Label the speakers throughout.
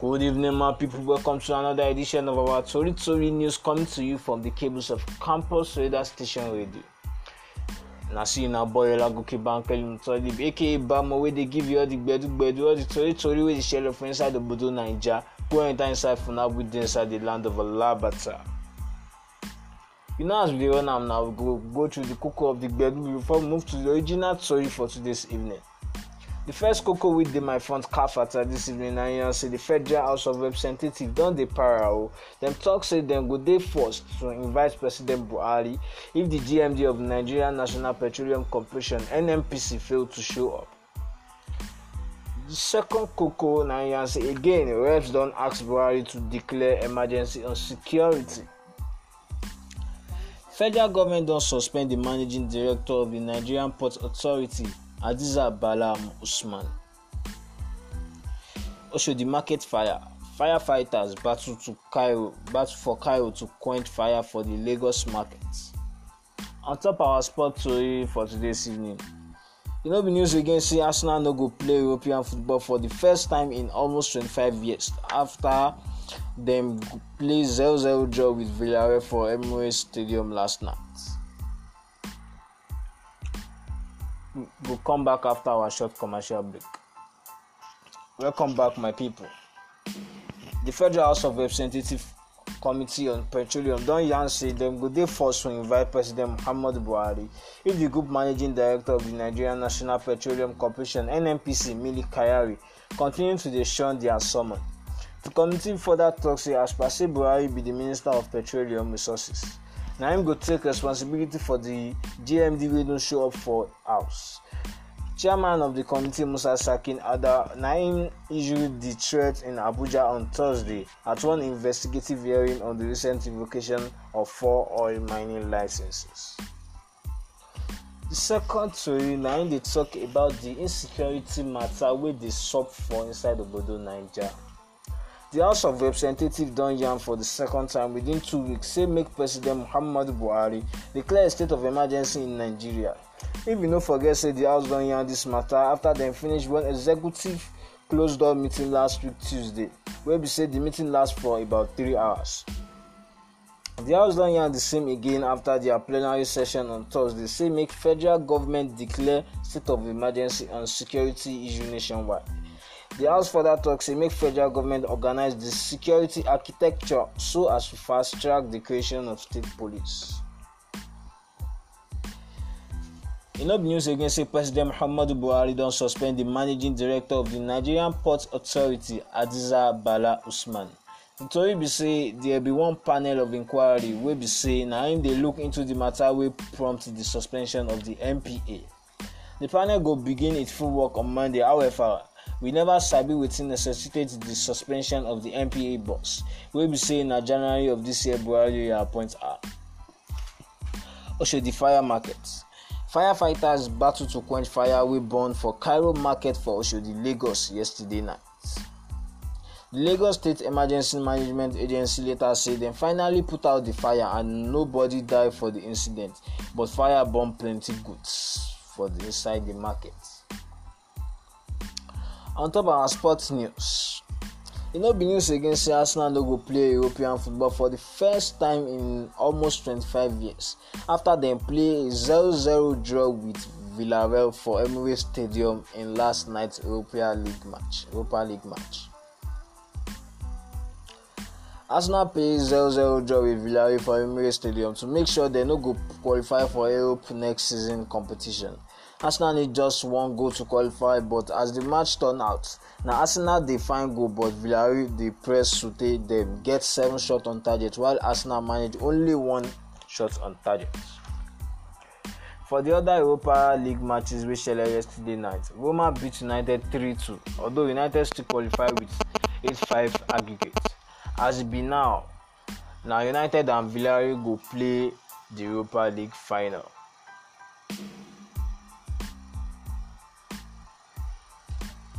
Speaker 1: Good evening, my people. Welcome to another edition of our Tori Tori News coming to you from the cables of Campus Radar Station Radio. Nasina boy Lagoke Bankeli Mutolib, aka Bama, where they give you all the bedu bedu all the Tori Tori where the shell of inside the Bodo Naija, go enter inside Funabu, inside the land of Alabata. You know, as we run now, now we go, go through the cocoa of the bedu before we move to the original story for today's evening. The first cocoa with the my front kafata this evening na yan say the federal house of representatives don dey para o dem say dem go dey forced to invite president buhari if the gmd of Nigerian national petroleum corporation nnpc fail to show up The second cocoa. na yan say again reps don't ask buhari to declare emergency on security federal government don't suspend the managing director of the nigerian port authority Hadiza Balam Usman. Also, Oshodi Market Fire. Firefighters battle to Cairo, battle for Cairo to quench fire for the Lagos market. On top our sport story for today's evening. You know the news again say Arsenal no go play European football for the first time in almost 25 years after dem play 0-0 draw with Villarreal for Emirates Stadium last night. We'll come back after our short commercial break. Welcome back, my people. The Federal House of Representative Committee on Petroleum don yarn say dem go dey forced to invite President Muhammadu Buhari if the group managing director of the Nigerian National Petroleum Corporation NNPC Mili Kyari continue to dey shun their summon. The committee further tok say as per say Buhari be the Minister of Petroleum Resources. I'm going go take responsibility for the gmd don't show up for house chairman of the committee musa sakin ada na issued the threat in abuja on thursday at one investigative hearing on the recent revocation of four oil mining licenses The second story na they talk about the insecurity matter with the sub for inside obodo Nigeria. di house of representatives don yarn for di second time within two weeks say make president muhammadu buhari declare a state of emergency in nigeria if you no forget say di house don yarn dis mata afta dem finish one executive closed door meeting last week tuesday wey be say di meeting last for about three hours di house don yarn di same again afta dia plenary session on thursday say make federal government declare state of emergency and security issue nationwide The House further talks say make federal government organize the security architecture so as to fast track the creation of state police. In other news again, say President Muhammadu Buhari don suspend the managing director of the Nigerian Port Authority, Adiza Bala Usman. The tori be say there be one panel of inquiry wey be say na im they look into the matter wey prompt the suspension of the MPA. The panel go begin its full work on Monday. However, we never sabi wetin necessitate di suspension of di npa boss wey be say na january of dis year buhari appoint her oshodi fire market firefighters battle to quench fire wey burn for cairo market for oshodi lagos yesterday night di lagos state emergency management agency later say dem finally put out di fire and nobody die for di incident but fire burn plenty goods for inside di market On top of our sports news, it no be news again say Arsenal no go play European football for the first time in almost 25 years after dem play a 0-0 draw with Villarreal for Emirates Stadium in last night Europa League match. Europa League match. Arsenal play 0-0 draw with Villarreal for Emirates Stadium to make sure dem no go qualify for Europe next season competition. Arsenal need just one goal to qualify, but as the match turned out, now Arsenal they find goal, but Villarreal they press Sute them get seven shots on target, while Arsenal manage only one shot on target. For the other Europa League matches which held yesterday night, Roma beat United 3-2, although United still qualify with 8-5 aggregate. As it be now, now United and Villarreal go play the Europa League final.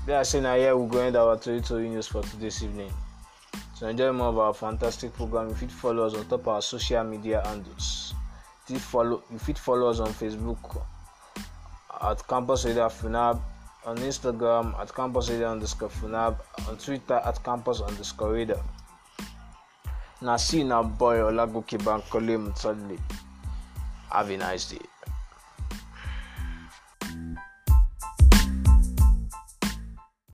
Speaker 1: There, Shana here. We're going to our Tori Tori news for today's evening. To enjoy more of our fantastic program, you fit follow us on top our social media handles. You fit follow, you follow us on Facebook at Campus Radio Funab, on Instagram at Campus Radio underscore Funab, on Twitter at Campus underscore Radio. Now see now boy Olagoke Bankole Mutsadle. Have a nice day.